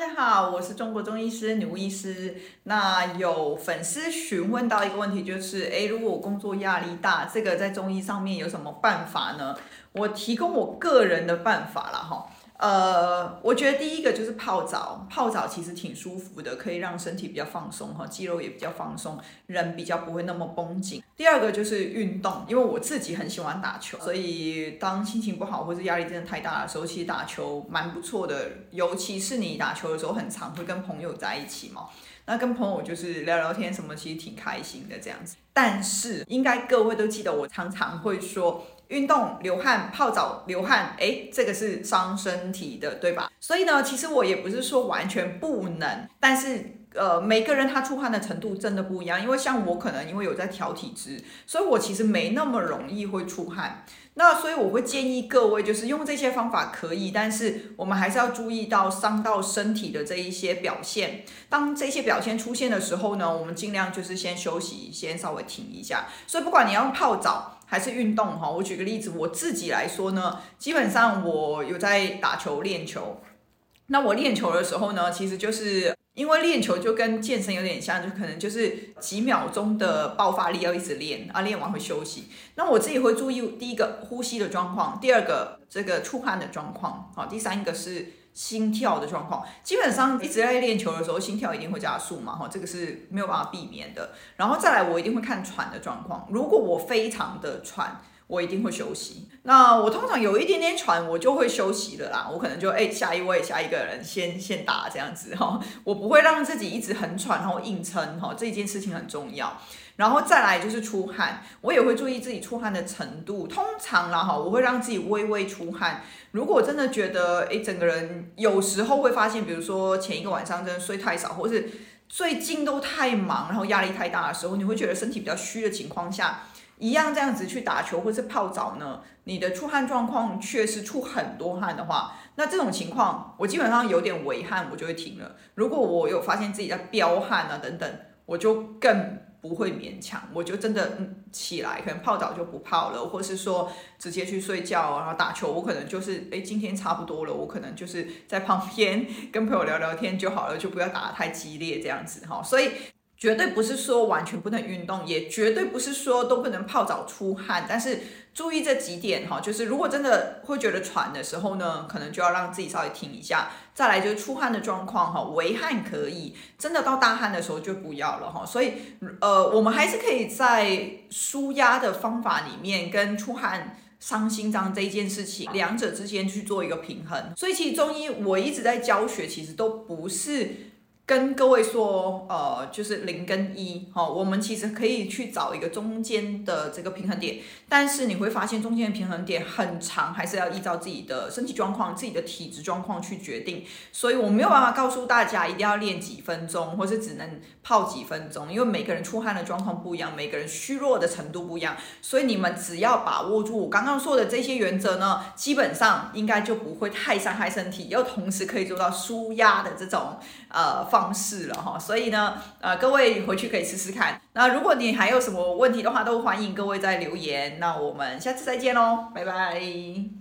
大家好，我是中國中醫師女巫醫師。那有粉絲詢問到一個問題，就是哎、欸，如果我工作壓力大，這個在中醫上面有什麼辦法呢？我提供我個人的辦法啦哈。呃，我覺得第一個就是泡澡，泡澡其實挺舒服的，可以讓身體比較放鬆哈，肌肉也比較放鬆，人比較不會那麼繃緊。第二個就是運動，因為我自己很喜歡打球，所以當心情不好或是壓力真的太大的時候，其實打球蠻不錯的，尤其是你打球的時候，很常會跟朋友在一起嘛。那跟朋友就是聊聊天什麼，其實挺開心的這樣子。但是，應該各位都記得，我常常會說，運動流汗、泡澡流汗，誒，這個是傷身體的，對吧？所以呢，其實我也不是說完全不能，但是。呃，每個人他出汗的程度真的不一樣，因為像我可能因為有在調體質，所以我其實沒那麼容易會出汗。那所以我會建議各位就是用這些方法可以，但是我們還是要注意到傷到身體的這一些表現。當這些表現出現的時候呢，我們儘量就是先休息，先稍微停一下。所以不管你要用泡澡還是運動哈，我舉個例子，我自己來說呢，基本上我有在打球練球。那我練球的時候呢，其實就是。因為練球就跟健身有點像，就可能就是幾秒鐘的爆發力要一直練啊，練完會休息。那我自己會注意第一個呼吸的狀況，第二個這個出汗的狀況，好、哦，第三個是心跳的狀況。基本上一直在練球的時候，心跳一定會加速嘛，哈、哦，這個是沒有辦法避免的。然後再來，我一定會看喘的狀況。如果我非常的喘。我一定會休息。那我通常有一點點喘，我就會休息的啦。我可能就誒、欸，下一位，下一個人先先打這樣子哈、哦。我不會讓自己一直很喘，然後硬撐哈、哦。這一件事情很重要。然後再來就是出汗，我也會注意自己出汗的程度。通常啦哈、哦，我會讓自己微微出汗。如果真的覺得誒、欸，整個人有時候會發現，比如說前一個晚上真的睡太少，或是最近都太忙，然後壓力太大的時候，你會覺得身體比較虛的情況下。一樣這樣子去打球或是泡澡呢？你的出汗狀況確實出很多汗的話，那這種情況我基本上有點微汗，我就會停了。如果我有發現自己在飆汗啊等等，我就更不會勉強，我就真的、嗯、起來，可能泡澡就不泡了，或是說直接去睡覺，啊，然後打球，我可能就是誒、欸，今天差不多了，我可能就是在旁邊跟朋友聊聊天就好了，就不要打得太激烈這樣子哈，所以。絕對不是說完全不能運動，也絕對不是說都不能泡澡出汗，但是注意這幾點哈，就是如果真的會覺得喘的時候呢，可能就要讓自己稍微停一下。再來就是出汗的狀況哈，微汗可以，真的到大汗的時候就不要了哈。所以呃，我們還是可以在舒壓的方法裡面跟出汗傷心臟這一件事情兩者之間去做一個平衡。所以其實中醫我一直在教學，其實都不是。跟各位說，呃，就是零跟一，齁，我們其實可以去找一個中間的這個平衡點，但是你會發現中間的平衡點很長，還是要依照自己的身體狀況、自己的體質狀況去決定。所以，我沒有辦法告訴大家一定要練幾分鐘，或是只能泡幾分鐘，因為每個人出汗的狀況不一樣，每個人虛弱的程度不一樣，所以你們只要把握住我剛剛說的這些原則呢，基本上應該就不會太傷害身體，又同時可以做到舒壓的這種，呃。方式了哈，所以呢，呃，各位回去可以試試看。那如果你還有什麼問題的話，都歡迎各位在留言。那我們下次再見嘍，拜拜。